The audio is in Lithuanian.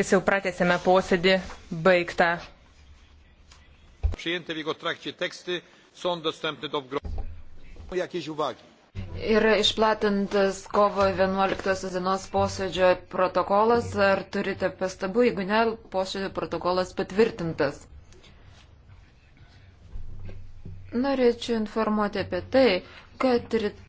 Jis jau pratėsime posėdį baigtą. Przyjęte w jego trakcie teksty są dostępne do wgromadzenia. Jakieś uwagi? Yra išplatintas kovo 11 dienos posėdžio protokolas. Ar turite pastabų? Jeigu ne, posėdžio protokolas patvirtintas. Norėčiau informuoti apie tai, kad ryte.